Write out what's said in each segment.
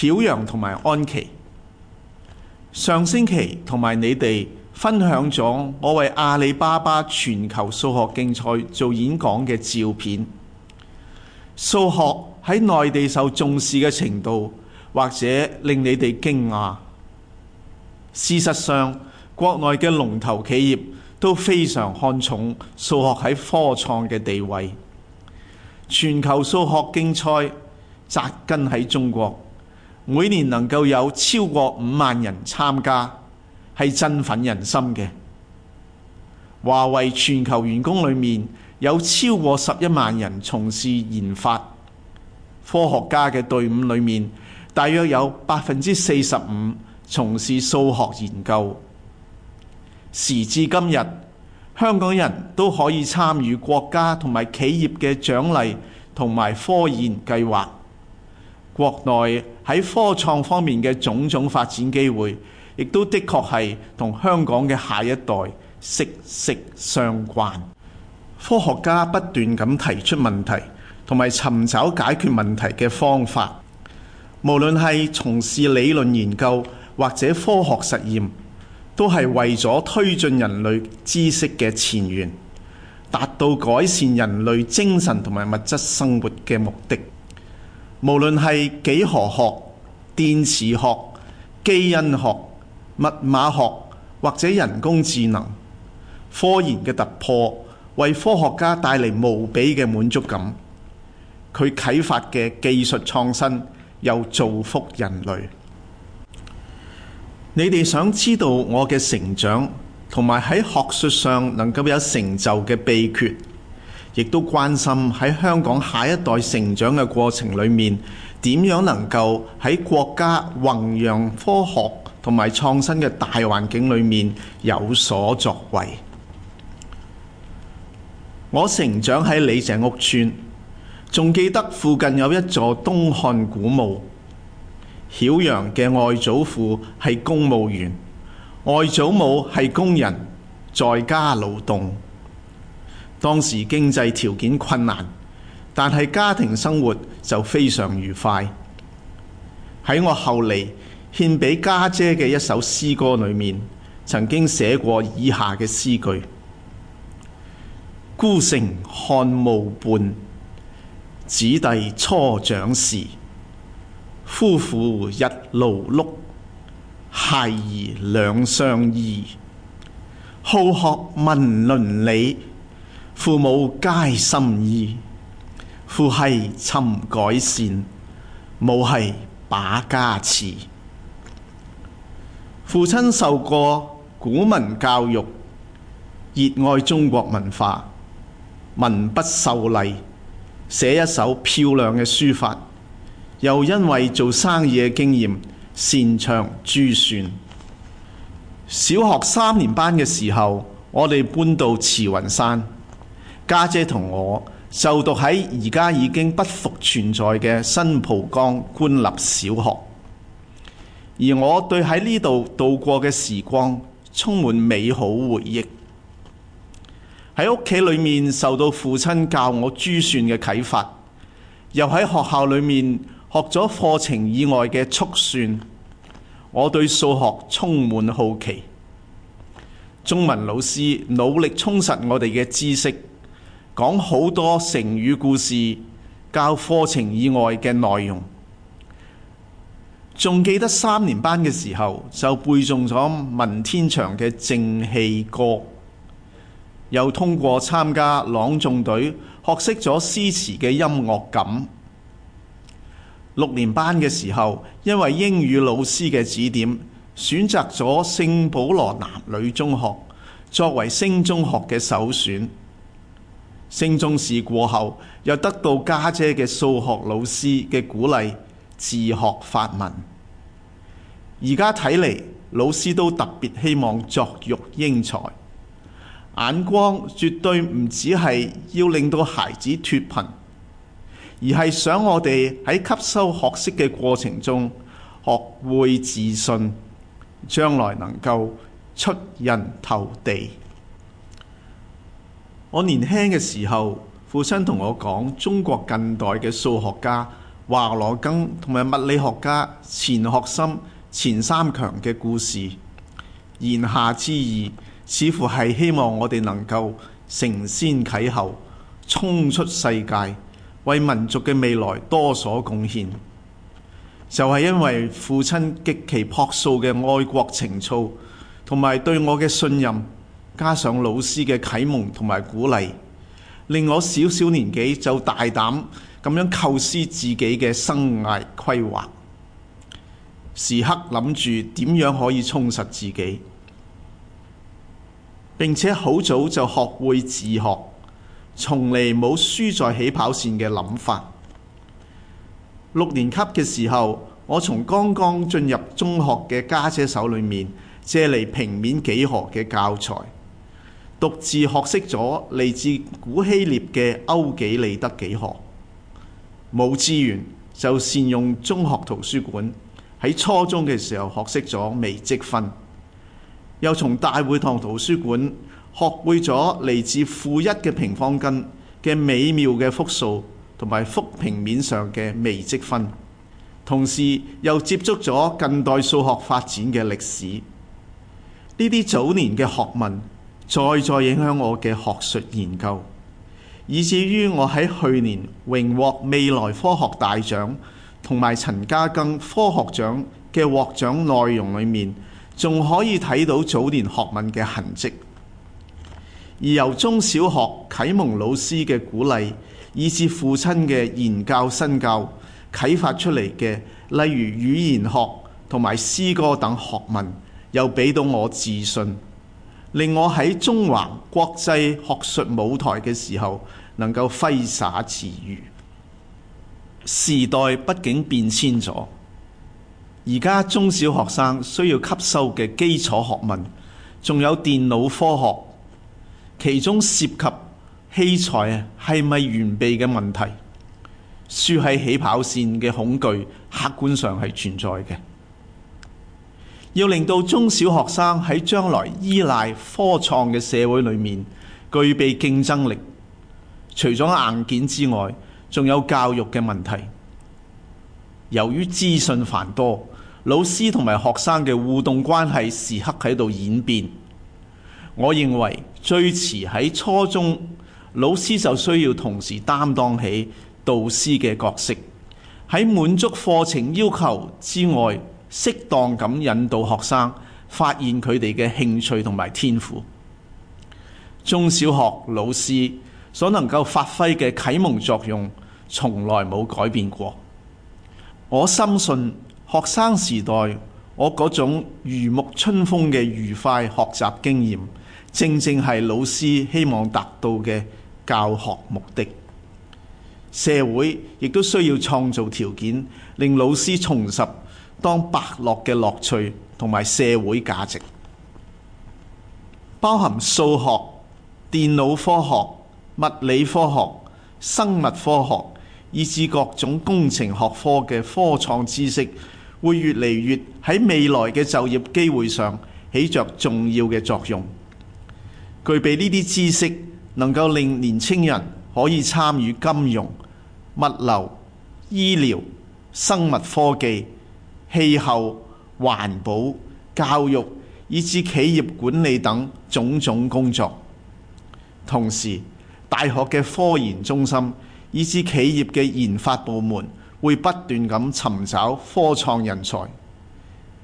曉陽同埋安琪上星期同埋你哋分享咗我為阿里巴巴全球數學競賽做演講嘅照片。數學喺內地受重視嘅程度，或者令你哋驚訝。事實上，國內嘅龍頭企業都非常看重數學喺科創嘅地位。全球數學競賽扎根喺中國。每年能夠有超過五萬人參加，係振奮人心嘅。華為全球員工裏面有超過十一萬人從事研發，科學家嘅隊伍裏面大約有百分之四十五從事數學研究。時至今日，香港人都可以參與國家同埋企業嘅獎勵同埋科研計劃。國內喺科創方面嘅種種發展機會，亦都的確係同香港嘅下一代息息相關。科學家不斷咁提出問題，同埋尋找解決問題嘅方法。無論係從事理論研究或者科學實驗，都係為咗推進人類知識嘅前沿，達到改善人類精神同埋物質生活嘅目的。無論係幾何學、電磁學、基因學、密碼學或者人工智能，科研嘅突破，為科學家帶嚟無比嘅滿足感。佢啟發嘅技術創新又造福人類。你哋想知道我嘅成長，同埋喺學術上能夠有成就嘅秘訣？亦都關心喺香港下一代成長嘅過程裡面，點樣能夠喺國家弘揚科學同埋創新嘅大環境裡面有所作為。我成長喺李鄭屋邨，仲記得附近有一座東漢古墓。曉陽嘅外祖父係公務員，外祖母係工人，在家勞動。當時經濟條件困難，但係家庭生活就非常愉快。喺我後嚟獻畀家姐嘅一首詩歌裏面，曾經寫過以下嘅詩句：孤城漢墓伴，子弟初長時，夫婦日勞碌，孩兒兩相依。好學問倫理。父母皆心意，父係親改善，母係把家持。父親受過古文教育，熱愛中國文化，文筆秀麗，寫一首漂亮嘅書法。又因為做生意嘅經驗，擅長珠算。小學三年班嘅時候，我哋搬到慈雲山。家姐同我就讀喺而家已經不復存在嘅新蒲崗官立小學，而我對喺呢度度過嘅時光充滿美好回憶。喺屋企裏面受到父親教我珠算嘅啟發，又喺學校裏面學咗課程以外嘅速算，我對數學充滿好奇。中文老師努力充實我哋嘅知識。講好多成語故事，教課程以外嘅內容。仲記得三年班嘅時候就背誦咗文天祥嘅《正氣歌》，又通過參加朗誦隊，學識咗詩詞嘅音樂感。六年班嘅時候，因為英語老師嘅指點，選擇咗聖保羅男女中學作為升中學嘅首選。升中試過後，又得到家姐嘅數學老師嘅鼓勵，自學法文。而家睇嚟，老師都特別希望作育英才，眼光絕對唔只係要令到孩子脫貧，而係想我哋喺吸收學識嘅過程中，學會自信，將來能夠出人頭地。我年輕嘅時候，父親同我講中國近代嘅數學家華羅庚同埋物理學家錢學森、錢三強嘅故事，言下之意似乎係希望我哋能夠承先啟後，衝出世界，為民族嘅未來多所貢獻。就係因為父親極其樸素嘅愛國情操同埋對我嘅信任。加上老師嘅啟蒙同埋鼓勵，令我小小年紀就大膽咁樣構思自己嘅生涯規劃，時刻諗住點樣可以充實自己。並且好早就學會自學，從嚟冇輸在起跑線嘅諗法。六年級嘅時候，我從剛剛進入中學嘅家姐手裏面借嚟平面幾何嘅教材。獨自學識咗嚟自古希臘嘅歐幾里德幾何，冇資源就善用中學圖書館。喺初中嘅時候學識咗微積分，又從大會堂圖書館學會咗嚟自負一嘅平方根嘅美妙嘅複數，同埋複平面上嘅微積分，同時又接觸咗近代數學發展嘅歷史。呢啲早年嘅學問，再再影響我嘅學術研究，以至於我喺去年榮獲未來科學大獎同埋陳嘉庚科學獎嘅獲獎內容裏面，仲可以睇到早年學問嘅痕跡。而由中小學啟蒙老師嘅鼓勵，以至父親嘅言教身教啟發出嚟嘅，例如語言學同埋詩歌等學問，又俾到我自信。令我喺中環國際學術舞台嘅時候能夠揮灑自如。時代畢竟變遷咗，而家中小學生需要吸收嘅基礎學問，仲有電腦科學，其中涉及器材啊，係咪完備嘅問題？輸喺起跑線嘅恐懼，客觀上係存在嘅。要令到中小學生喺將來依賴科創嘅社會裏面具備競爭力，除咗硬件之外，仲有教育嘅問題。由於資訊繁多，老師同埋學生嘅互動關係時刻喺度演變。我認為最遲喺初中，老師就需要同時擔當起導師嘅角色，喺滿足課程要求之外。適當咁引導學生發現佢哋嘅興趣同埋天賦，中小學老師所能夠發揮嘅啟蒙作用，從來冇改變過。我深信學生時代我嗰種如沐春風嘅愉快學習經驗，正正係老師希望達到嘅教學目的。社會亦都需要創造條件，令老師重拾，當白樂嘅樂趣同埋社會價值，包含數學、電腦科學、物理科學、生物科學，以至各種工程學科嘅科創知識，會越嚟越喺未來嘅就業機會上起着重要嘅作用。具備呢啲知識，能夠令年青人可以參與金融、物流、醫療、生物科技。氣候、環保、教育以至企業管理等種種工作，同時大學嘅科研中心以至企業嘅研發部門會不斷咁尋找科創人才。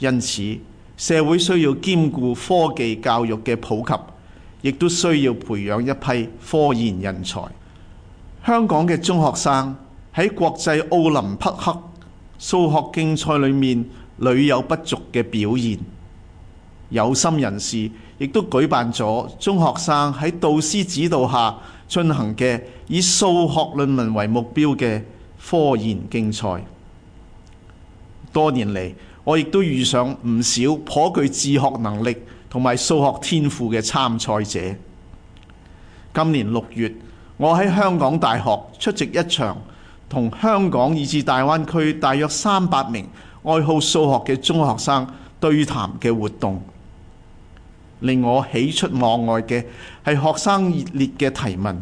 因此社會需要兼顧科技教育嘅普及，亦都需要培養一批科研人才。香港嘅中學生喺國際奧林匹克數學競賽裏面屢有不俗嘅表現，有心人士亦都舉辦咗中學生喺導師指導下進行嘅以數學論文為目標嘅科研競賽。多年嚟，我亦都遇上唔少頗具自學能力同埋數學天賦嘅參賽者。今年六月，我喺香港大學出席一場同香港以至大灣區大約三百名愛好數學嘅中學生對談嘅活動，令我喜出望外嘅係學生熱烈嘅提問。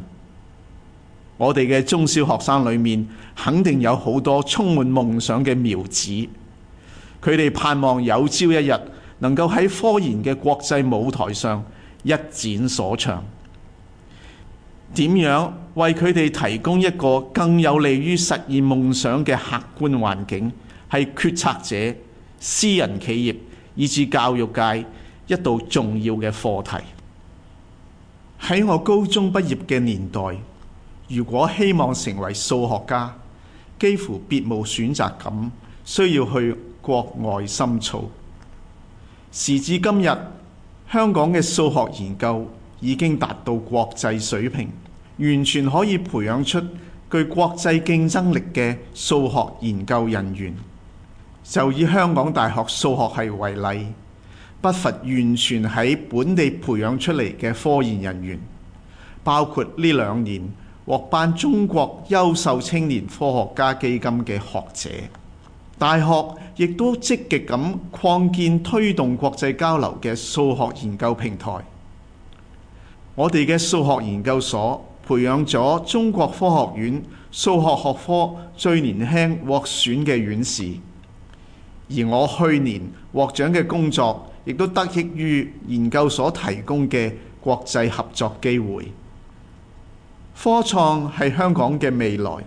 我哋嘅中小學生裡面，肯定有好多充滿夢想嘅苗子，佢哋盼望有朝一日能夠喺科研嘅國際舞台上一展所長。點樣為佢哋提供一個更有利於實現夢想嘅客觀環境，係決策者、私人企業以至教育界一道重要嘅課題。喺我高中畢業嘅年代，如果希望成為數學家，幾乎別無選擇，咁需要去國外深造。時至今日，香港嘅數學研究已經達到國際水平。完全可以培養出具國際競爭力嘅數學研究人員。就以香港大學數學系為例，不乏完全喺本地培養出嚟嘅科研人員，包括呢兩年獲頒中國優秀青年科學家基金嘅學者。大學亦都積極咁擴建推動國際交流嘅數學研究平台。我哋嘅數學研究所。培養咗中國科學院數學學科最年輕獲選嘅院士，而我去年獲獎嘅工作亦都得益於研究所提供嘅國際合作機會。科創係香港嘅未來，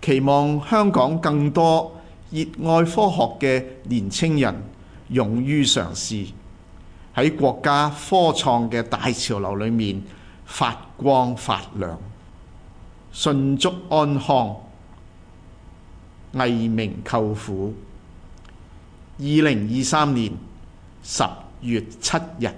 期望香港更多熱愛科學嘅年青人勇於嘗試，喺國家科創嘅大潮流裏面，發光發亮，順祝安康，毅明舅父。二零二三年十月七日。